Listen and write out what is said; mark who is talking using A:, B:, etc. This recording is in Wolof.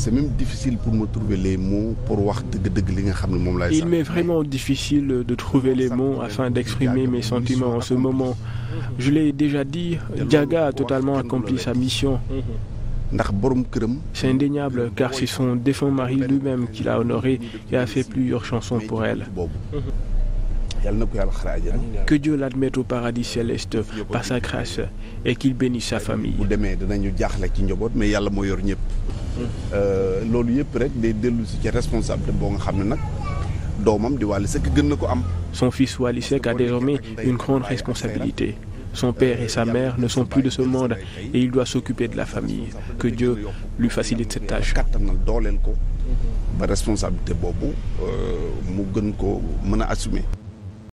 A: c'est même difficile pour me trouver les pour wax dëgg-dëgg li nga xam moom laay. Il
B: m'est vraiment difficile de trouver les mots afin d'exprimer mes sentiments en ce moment. Je l'ai déjà dit, Diaga a totalement accompli sa mission. ndax borom këram. C'est indéniable car c'est son défunt mari lui-même qui l'a honoré et a fait plusieurs chansons pour elle.
A: yàlla na ko yàlla xare àjjana
B: que Dieu l'admette au céleste par sa
A: grâce et qu'il bénisse sa famille. bu demee dinañu jaaxle ci njaboot mais yàlla moo yor ñëpp. loolu yëpp rek day dellu si ci responsabilité boo nga xam ne nag doomam di Wally
B: Seck gën na ko am. son fils Wally Seck a désormais une grande responsabilité. Son père et sa mère ne sont plus de ce monde et il doit s'occuper de la famille. Que Dieu lui facilite
A: cette tâche. ba responsabilité boobu mu gën ko mën a assumer.